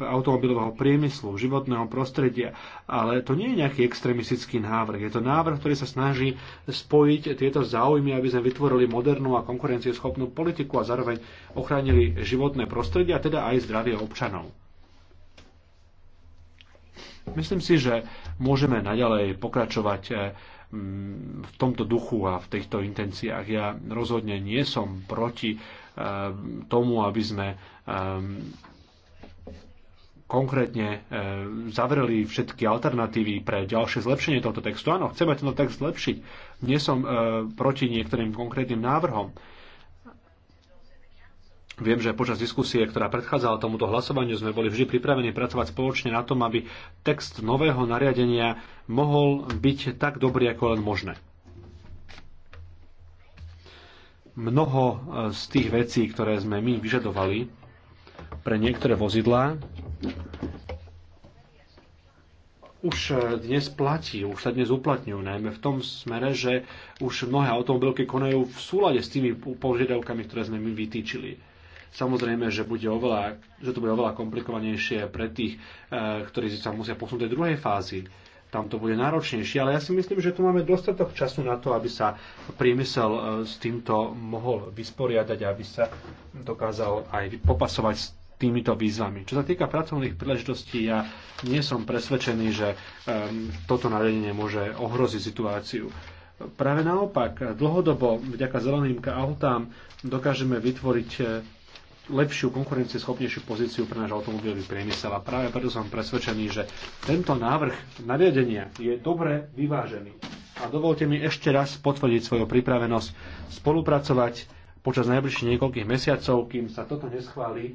automobilového priemyslu, životného prostredia, ale to nie je nejaký extremistický návrh. Je to návrh, ktorý sa snaží spojiť tieto záujmy, aby sme vytvorili modernú a konkurencieschopnú politiku a zároveň ochránili životné prostredie a teda aj zdravie občanov. Myslím si, že môžeme naďalej pokračovať eh, mm, v tomto duchu a v týchto intenciách. Ja rozhodne nie som proti eh, tomu, aby sme eh, konkrétne zavreli všetky alternatívy pre ďalšie zlepšenie tohto textu. Áno, chceme tento text zlepšiť. Nie som proti niektorým konkrétnym návrhom Viem, že počas diskusie, ktorá predchádzala tomuto hlasovaniu, sme boli vždy pripravení pracovať spoločne na tom, aby text nového nariadenia mohol byť tak dobrý, ako len možné. Mnoho e, z tých vecí, ktoré sme my vyžadovali pre niektoré vozidlá, už e, dnes platí, už sa dnes uplatňujú, najmä v tom smere, že už mnohé automobilky konajú v súlade s tými požiadavkami, ktoré sme my vytýčili Samozrejme, že, bude oveľa, že to bude oveľa komplikovanejšie pre tých, eh, ktorí sa musia posunúť do druhej fázy tam to bude náročnejšie, ale ja si myslím, že tu máme dostatok času na to, aby sa priemysel eh, s týmto mohol vysporiadať, aby sa dokázal aj popasovať s týmito výzvami. Čo sa týka pracovných príležitostí, ja nie som presvedčený, že um, toto nariadenie môže ohroziť situáciu. Práve naopak, dlhodobo vďaka zeleným autám dokážeme vytvoriť eh, lepšiu, konkurencieschopnejšiu pozíciu pre náš automobilový priemysel. A práve preto som presvedčený, že tento návrh nariadenia je dobre vyvážený. A dovolte mi ešte raz potvrdiť svoju pripravenosť spolupracovať počas najbližších niekoľkých mesiacov, kým sa toto neschváli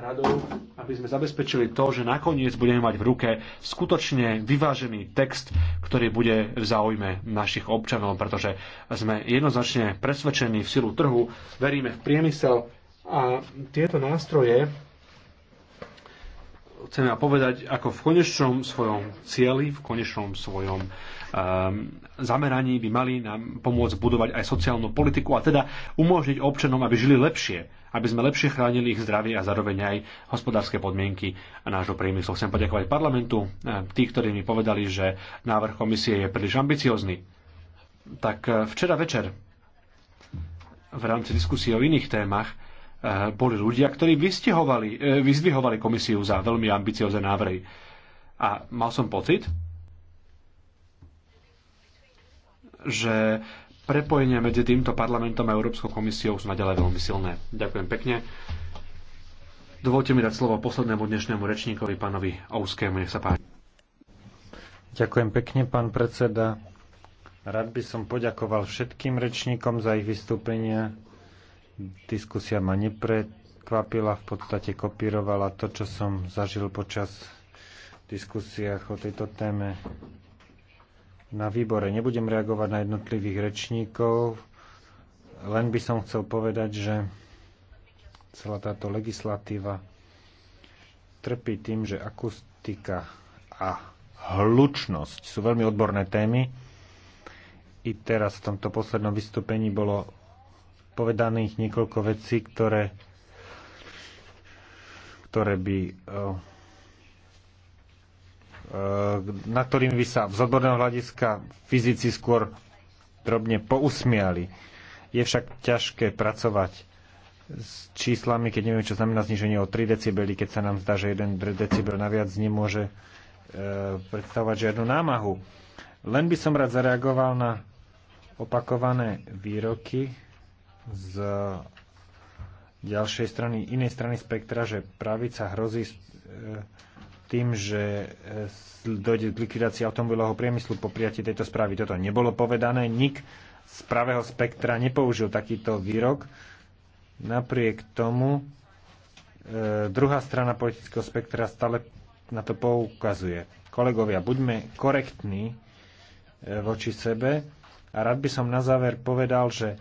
radou, aby sme zabezpečili to, že nakoniec budeme mať v ruke skutočne vyvážený text, ktorý bude v záujme našich občanov, pretože sme jednoznačne presvedčení v silu trhu, veríme v priemysel, a tieto nástroje chcem povedať, ako v konečnom svojom cieli, v konečnom svojom um, zameraní by mali nám pomôcť budovať aj sociálnu politiku a teda umožniť občanom, aby žili lepšie, aby sme lepšie chránili ich zdravie a zároveň aj hospodárske podmienky a nášho priemyslu. Chcem poďakovať parlamentu, ehm, tí, ktorí mi povedali, že návrh komisie je príliš ambiciozný. Tak eh, včera večer v rámci diskusie o iných témach E, boli ľudia, ktorí vystihovali, e, vyzdvihovali komisiu za veľmi ambiciozne návrhy. A mal som pocit, že prepojenia medzi týmto parlamentom a Európskou komisiou sú naďalej veľmi silné. Ďakujem pekne. Dovolte mi dať slovo poslednému dnešnému rečníkovi, pánovi Ouskému. Nech sa páči. Ďakujem pekne, pán predseda. Rád by som poďakoval všetkým rečníkom za ich vystúpenia Diskusia ma neprekvapila, v podstate kopírovala to, čo som zažil počas diskusiách o tejto téme na výbore. Nebudem reagovať na jednotlivých rečníkov, len by som chcel povedať, že celá táto legislatíva trpí tým, že akustika a hlučnosť sú veľmi odborné témy. I teraz v tomto poslednom vystúpení bolo povedaných niekoľko vecí, ktoré, ktoré by eh, eh, na ktorým by sa z odborného hľadiska fyzici skôr drobne pousmiali. Je však ťažké pracovať s číslami, keď neviem, čo znamená zniženie o 3 dB, keď sa nám zdá, že 1 dB naviac nemôže e, predstavovať žiadnu námahu. Len by som rád zareagoval na opakované výroky z ďalšej strany, inej strany spektra, že pravica hrozí e, tým, že e, dojde k likvidácii automobilového priemyslu po prijatí tejto správy. Toto nebolo povedané. Nik z pravého spektra nepoužil takýto výrok. Napriek tomu e, druhá strana politického spektra stále na to poukazuje. Kolegovia, buďme korektní voči sebe a rád by som na záver povedal, že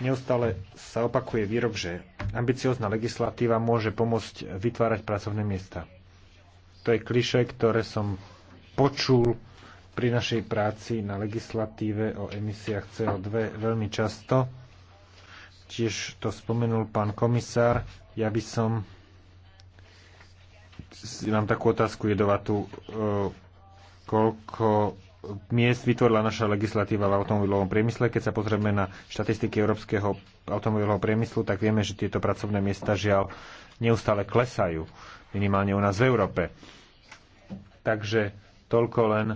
Neustále sa opakuje výrok, že ambiciozná legislatíva môže pomôcť vytvárať pracovné miesta. To je kliše, ktoré som počul pri našej práci na legislatíve o emisiách CO2 veľmi často. Tiež to spomenul pán komisár. Ja by som mám takú otázku jedovatú. E, koľko miest vytvorila naša legislatíva v automobilovom priemysle. Keď sa pozrieme na štatistiky európskeho automobilového priemyslu, tak vieme, že tieto pracovné miesta žiaľ neustále klesajú, minimálne u nás v Európe. Takže toľko len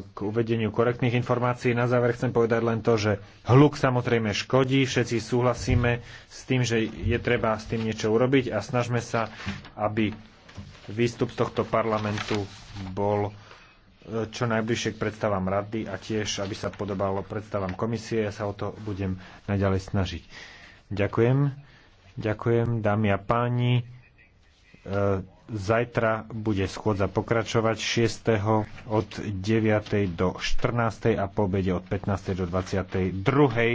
k uvedeniu korektných informácií. Na záver chcem povedať len to, že hluk samozrejme škodí, všetci súhlasíme s tým, že je treba s tým niečo urobiť a snažme sa, aby výstup z tohto parlamentu bol čo najbližšie k predstavám rady a tiež, aby sa podobalo predstavám komisie. Ja sa o to budem naďalej snažiť. Ďakujem. Ďakujem, dámy a páni. E, zajtra bude schôdza pokračovať 6. od 9. do 14. a po obede od 15. do 22.